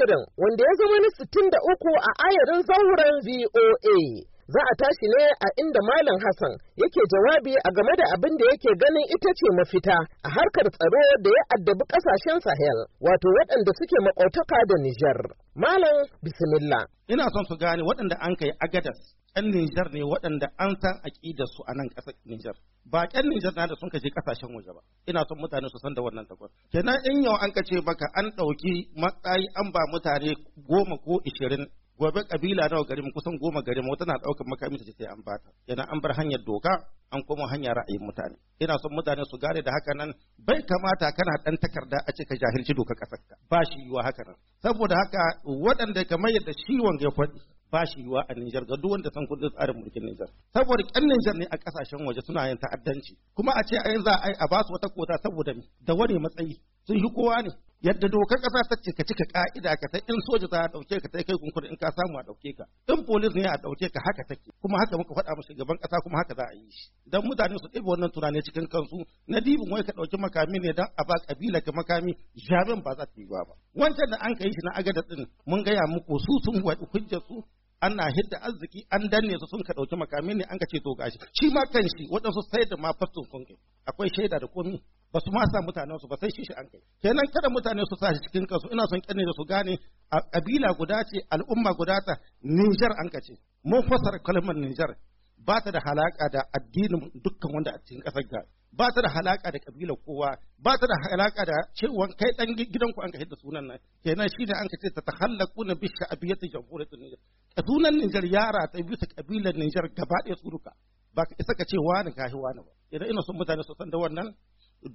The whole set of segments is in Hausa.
shirin wanda ya zama na uku a ayarin zauren VOA. Za a tashi ne a inda Malam Hassan yake jawabi a game da abin da yake ganin ita ce mafita a harkar tsaro da ya addabi kasashen Sahel, wato waɗanda suke makautaka da Nijar. Malam Bismillah. Ina son su gane waɗanda an kai agadas 'yan Nijar ne waɗanda an san aƙidar su a nan ƙasar Nijar. Ba 'yan Nijar na da sun kashe ƙasashen waje ba. Ina son mutane su san da wannan takwas. Kenan in yau an kace maka an ɗauki matsayi an ba mutane goma ko ishirin gobe ƙabila nawa garin kusan goma gari wata na ɗaukar makami ta ce sai an bata yana an bar hanyar doka an koma hanyar ra'ayin mutane ina son mutane su gane da haka nan bai kamata kana ɗan takarda a ce ka jahilci dokar ƙasar ka ba shi yiwa haka nan saboda haka waɗanda kamar yadda shi wanga ya faɗi ba a Nijar ga duk wanda san kudin tsarin mulkin Nijar saboda ƙyan Nijar ne a ƙasashen waje suna yin ta'addanci kuma a ce a yanzu a a ba su wata kota saboda da wani matsayi sun yi kowa ne yadda dokar ƙasa ta ce ka cika ka'ida ka sai in soja za a ɗauke ka sai kai kunkuri in ka samu a ɗauke ka in polis ne a ɗauke ka haka take kuma haka muka faɗa musu gaban ƙasa kuma haka za a yi shi dan mutane su ɗiba wannan tunani cikin kansu na dibin wai ka ɗauki makami ne dan a ba kabila ka makami jamin ba za ta yi ba wancan da an kai shi na agadar din mun gaya muku su sun waɗi hujjar su ana hidda arziki an danne su sun ka ɗauki makamin ne an ka ce to gashi shi ma kan shi waɗansu sai da ma faston sun kai akwai shaida da komi ba su ma sa mutanen su ba sai shi shi an kai kenan kada mutane su sa shi cikin kansu ina son kenne da su gane a kabila guda ce al'umma guda ta Niger an kace mun fasara kalmar Niger ba ta da halaka da addinin dukkan wanda a cikin ƙasar ga ba ta da halaka da kabilar kowa ba ta da halaka da cewa kai dan gidanku an ka hidda sunan nan kenan shine an ka ce ta na bi sha'biyati jamhuriyatin Niger sunan Niger yara ta bi ta kabilar Niger gaba ɗaya su duka ba ka isa ka ce wani wa wani ba idan ina son mutane su san da wannan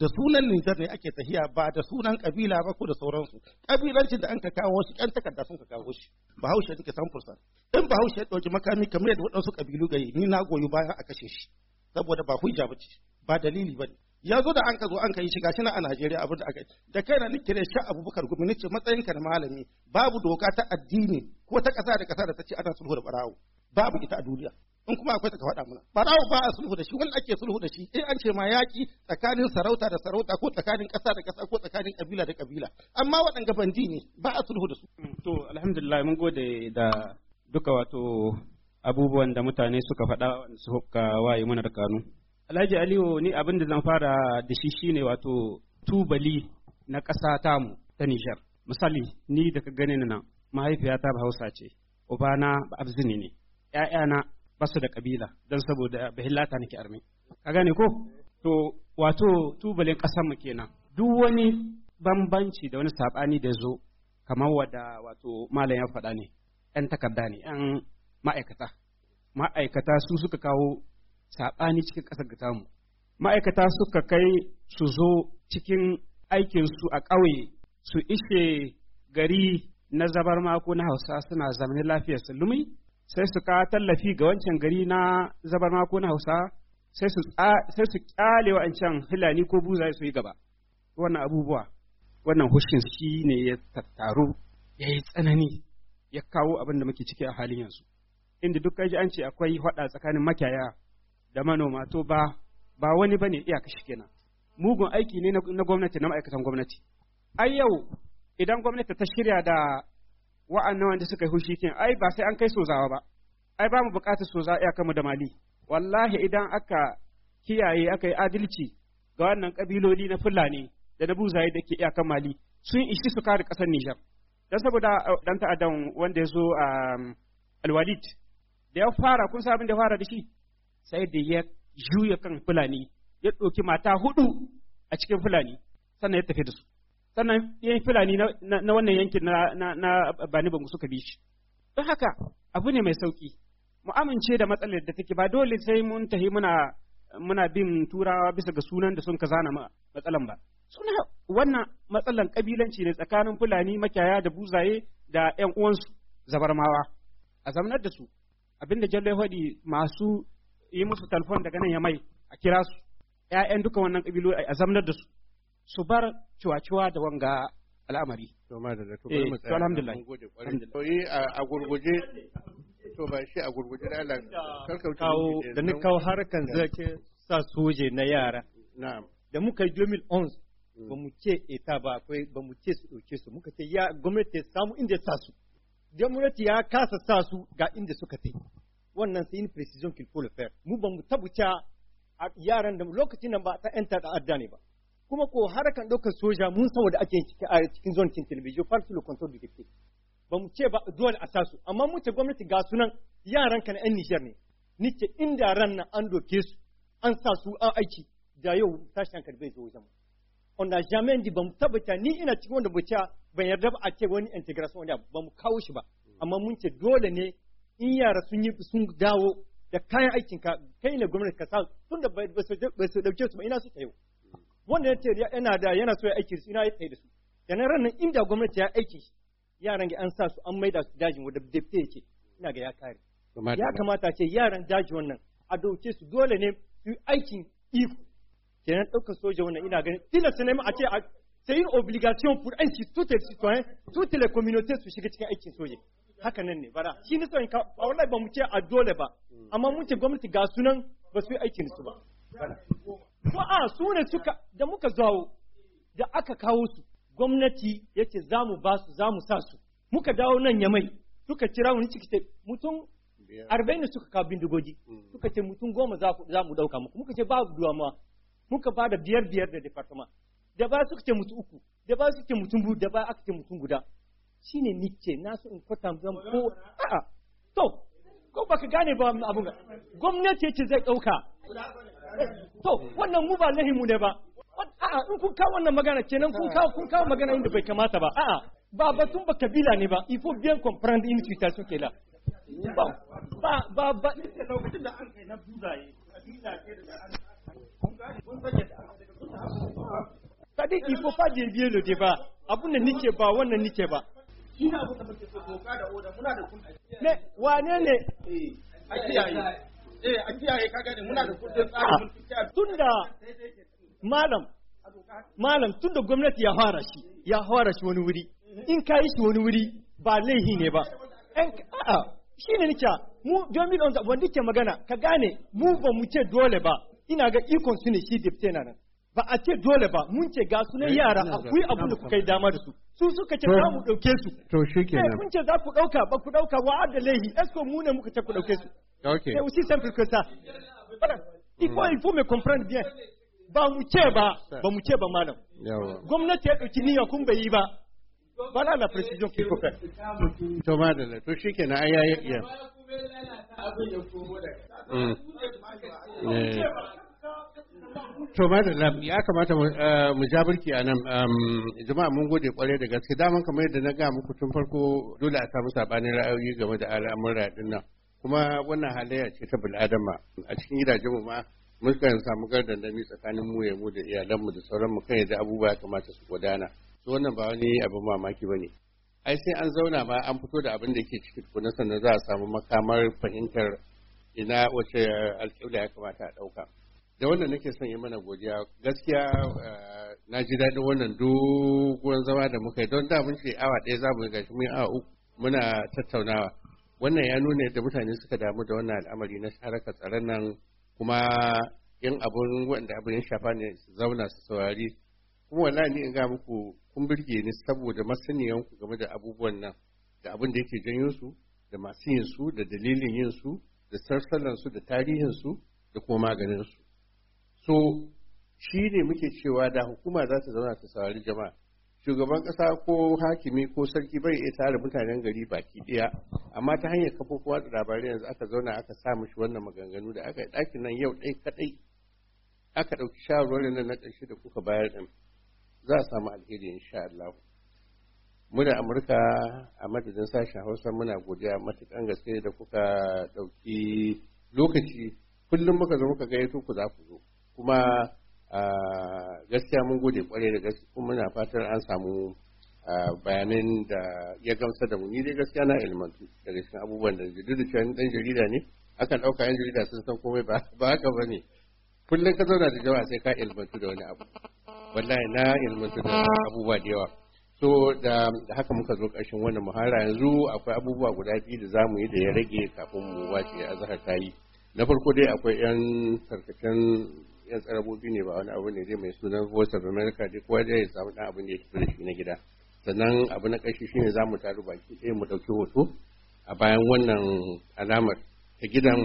da sunan Nijar ne ake tahiya ba da sunan kabila ba ko da sauransu kabilancin da an ka kawo shi ƴan takarda sun ka kawo shi ba bahaushe take san fursa in ba haushe ya ɗauki makami kamar yadda waɗansu ƙabilu gari ni na goyi baya a kashe shi saboda ba hujja ba ce ba dalili ba ya zo da an ka zo an ka yi shiga shina a Najeriya abin da aka yi da kai na nikire sha Abubakar Gumi ce matsayin ka na malami babu doka ta addini ko ta ƙasa da ƙasa da ta ce ana sulhu da barawo babu ita a duniya in kuma akwai ta ka faɗa mana barawo ba a sulhu da shi wanda ake sulhu da shi in an ce ma yaƙi tsakanin sarauta da sarauta ko tsakanin ƙasa da ƙasa ko tsakanin ƙabila da ƙabila amma waɗanga bandi ne ba a sulhu da su mm, to alhamdulillah mun gode da duka wato abubuwan da mutane suka faɗa suka waye mana da kanu. Alhaji Aliyu ni abin da zan fara da shi shine wato tubali na ƙasa ta mu ta Nijar. Misali ni da ka gani nan mahaifiyata ba Hausa ce, ubana ba Abzini ne, ‘ya'yana ba su da kabila don saboda bahillata nake arme. Ka gane ko? To wato tubalin ƙasar mu kenan. Duk wani bambanci da wani saɓani da zo kamar wadda wato malam ya faɗa ne. 'yan takarda ne 'yan ma'aikata ma'aikata su suka kawo saɓani cikin ƙasar ga tamu ma'aikata suka kai su zo cikin aikinsu a ƙauye su ishe gari na zabar mako na hausa suna zamani lafiyar sulumi sai su ka tallafi ga wancan gari na zabar mako na hausa sai su kyale wancan hilani ko buza su yi gaba wannan abubuwa wannan hushin shi ne ya tattaru ya yi tsanani ya kawo abin da muke ciki a halin yanzu inda duk kaji an ce akwai hada tsakanin makiyaya da manoma to ba ba wani bane iyaka shi kenan mugun aiki ne na gwamnati na ma'aikatan gwamnati ai yau idan gwamnati ta shirya da wa'annan wanda suka yi hushi kin ai ba sai an kai sozawa ba ai ba mu bukatar soza iyakanmu da mali wallahi idan aka kiyaye aka yi adalci ga wannan kabiloli na fulani da na buzaye da ke iyakan mali sun ishi su kare kasar Nijar dan saboda eh, dan ta'addan wanda ya zo a um, alwalid da ya fara kun sabin da fara da shi sai da ya juya kan fulani ya ɗauki mata hudu a cikin fulani sannan ya tafi da su sannan yan fulani na wannan yankin na na na bani bangu suka bi shi don haka abu ne mai sauki mu amince da matsalar da take ba dole sai mun tahi muna muna bin turawa bisa ga sunan da sun ka zana matsalan ba suna wannan matsalan kabilanci ne tsakanin fulani makiyaya da buzaye da ƴan uwansu zabarmawa a zamanar da su abinda Jalle ya masu yi musu talfon daga nan ya mai a kira su ƴaƴan duka wannan kabilu a zamanar da su su bar ciwaciwa da wanga al'amari to eh, alhamdulillah a gurguje to ba shi a gurguje da Allah kawo da ni kawo harkan zake sa soje na yara na'am da muka yi 2011 Mm. ba mu ce ita ba akwai ba mu ce su ɗauke su muka ce ya gwamnati samu inda ta su gwamnati ya kasa sa su ga inda suka tai wannan sai in precision kill full le mu ba mu tabuta yaran da lokacin nan ba ta yan da ne ba kuma ko harakan ɗaukar soja mun san wanda ake cikin a cikin zone kin television far le control du député ba mu ce ba dole a sa su amma mu ce gwamnati ga sunan yaran kan na Niger ne ce inda ran nan an doke su an sa su an aiki da yau tashin kan bai zo wajen mu on n'a jamais dit bamu mu tabbata ni ina cikin wanda buca ban yarda ba a ce wani integration wani abu bamu kawo shi ba hmm. amma mun ce dole ne in yara sun yi sun dawo da kayan aikin ka kai ne gwamnati ka sa tun da ba su dauke su ba ina su tayo hmm. wanda ya ce yana da yana so ya aiki su ina ya tayi da su da nan ranar inda gwamnati ya aiki yaran ga an sa su an maida su dajin wanda dafte ya ce ina ga ya kare ya kamata ce yaran daji wannan a dauke su dole ne su aikin iko kenan ɗaukar soja wannan ina ganin tilas ne a ce sai yin obligation pour un tutel citoyen tutel les communautés su shiga cikin aikin soja haka nan ne bara shi ne sauyin ka wallahi ba mu ce a dole ba amma mun ce gwamnati ga sunan ba su yi aikin su ba ko a su ne suka da muka zawo da aka kawo su gwamnati yace za mu ba su za mu sa su muka dawo nan yamai suka kira mu ciki ce mutum arba'in suka kawo bindigogi mm. suka ce mutum goma za mu dauka muku muka ce ba duwa ma muka ba da biyar biyar da department da ba suka ce mutu uku da ba suka ce mutum biyu da ba aka ce mutum guda shine nike na su in kwata zan ko a'a to ko baka gane ba abu ga gwamnati ce zai dauka to wannan mu ba lahimu ne ba a'a in kun kawo wannan magana kenan kun kawo kun kawo magana inda bai kamata ba a'a ba batun ba kabila ne ba ifo bien comprendre une situation qui est là ba ba ba lokacin da an kai na buzaye kabila ce da an Kaɗai il faut pas dévier le débat. Abun ah, da nike ba wannan nike ba. ne abun da doka da Ne wane ne? Eh, a kiyaye. Eh, a kiyaye muna da ah, Tunda malam malam tunda gwamnati ya fara shi, ya fara shi wani wuri. In ka shi wani wuri ba laihi ne ba. A'a, shi ne nika mu 2011 wanda ke magana ka gane mu ba mu ce dole ba ina ga ikon su ne shi dipte na nan ba a ce dole ba mun ce ga su ne yara akwai abu da kuka yi dama da su su suka ce za mu ɗauke su to shi eh, ke nan kun ce za ku ɗauka ba ku ɗauka wa da lehi esko mu ne muka ce ku ɗauke su ok sai eh, aussi simple que iko il faut il faut me comprendre bien ba mu ce ba ba mu ce ba malam gwamnati ya ɗauki niyya kun bai yi ba Voilà la précision qu'il faut faire. To madalla, to To ya kamata mu eh, ja burki a nan. Jama'a mun gode kwarai da gaske. Daman kamar yadda na ga muku tun farko dole a samu sabanin ra'ayoyi game da alamura din nan. Kuma wannan halayya ce ta bil'adama. A cikin gidajenmu ma mun samu samu gardandami tsakanin mu ya mu da iyalanmu da sauranmu kan yadda abubuwa ya kamata su gudana. su wannan ba wani abin mamaki ba ne ai sai an zauna ma an fito da abin da ke ciki tukuna sannan za a samu makamar fahimtar ina wace alƙibla ya kamata a ɗauka da wannan nake son yi mana godiya gaskiya eh, na ji daɗin wannan doguwar zama da muka yi don da mun ce awa ɗaya za mu yi gashi mun awa uku muna tattaunawa wannan ya nuna yadda mutane suka damu da wannan al'amari na haraka tsaron nan kuma in abun wanda abin ya shafa ne su zauna su saurari kuma wallahi ni in ga muku kun birge ni saboda masaniyan ku game da abubuwan nan da abin da yake janyo su da masu yin su da dalilin yin su da sarsalan su da tarihin su da kuma maganin su so shi ne muke cewa da hukuma za ta zauna ta saurari jama'a shugaban kasa ko hakimi ko sarki bai iya tare mutanen gari baki ɗaya amma ta hanyar kafofin da labarai yanzu aka zauna aka sa mishi wannan maganganu da aka yi ɗakin nan yau ɗai kaɗai aka ɗauki shawarwarin nan na ƙarshe da kuka bayar ɗin za a samu alheri insha Allah muna amurka a madadin sashen hausa muna godiya matukan gaske da kuka ɗauki lokaci kullum muka zo muka gayyato ku za ku zo kuma gaskiya mun gode kwarai da gaske kuma muna fatar an samu bayanan da ya gamsa da mu ni dai gaskiya na ilmantu daga cikin abubuwan da jirgin da cewa dan jarida ne akan ɗauka yan jarida sun san komai ba haka ba ne kullum ka zauna da jama'a sai ka ilmantu da wani abu wallahi na ilmantu da abubuwa da yawa so da haka muka zo ƙarshen wannan muhara yanzu akwai abubuwa guda biyu da zamu yi da ya rage kafin mu wace azhar ta yi na farko dai akwai yan tarkacen yan tsarabobi ne ba wani abu ne dai mai sunan voice of america dai kowa dai ya samu dan abin da ya da shi na gida sannan abu na ƙarshe shine za taru baki ɗaya mu ɗauki hoto a bayan wannan alamar ta gidan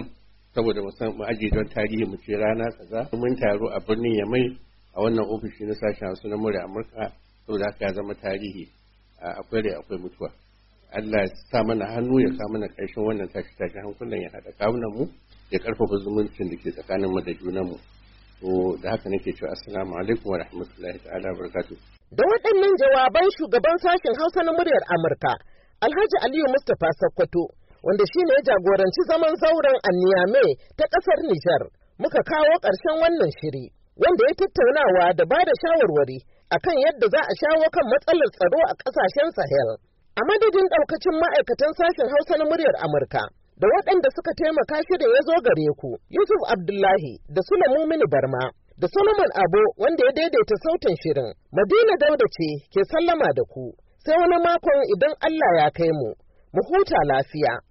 saboda mu san mu ajiye don tarihi mu ce rana kaza mun taru a birnin yamai a wannan ofishi na sashen hausa na murya amurka saboda haka ya zama tarihi akwai akwai mutuwa allah sa mana hannu ya sa mana karshen wannan tashi tashi hankulan ya haɗa kawunan mu ya ƙarfafa zumuncin da ke tsakanin mu da junan mu to da haka nake cewa assalamu alaikum wa rahmatullahi ta'ala barakatu da waɗannan jawaban shugaban sashen hausa na muryar amurka alhaji aliyu mustapha sakkwato wanda shine ya jagoranci zaman zauren anniyame ta ƙasar nijar muka kawo ƙarshen wannan shiri wanda ya tattaunawa da ba da shawarwari akan yadda za a shawo kan matsalar tsaro a ƙasashen Sahel. A madadin ɗaukacin ma'aikatan sashen Hausa na muryar Amurka da waɗanda suka taimaka shirin ya zo gare ku, Yusuf Abdullahi da sule mumini Barma. da Solomon Abo wanda ya daidaita sautin shirin. Madina Dauda ce ke sallama da ku, sai wani makon idan Allah ya kai mu, mu huta lafiya.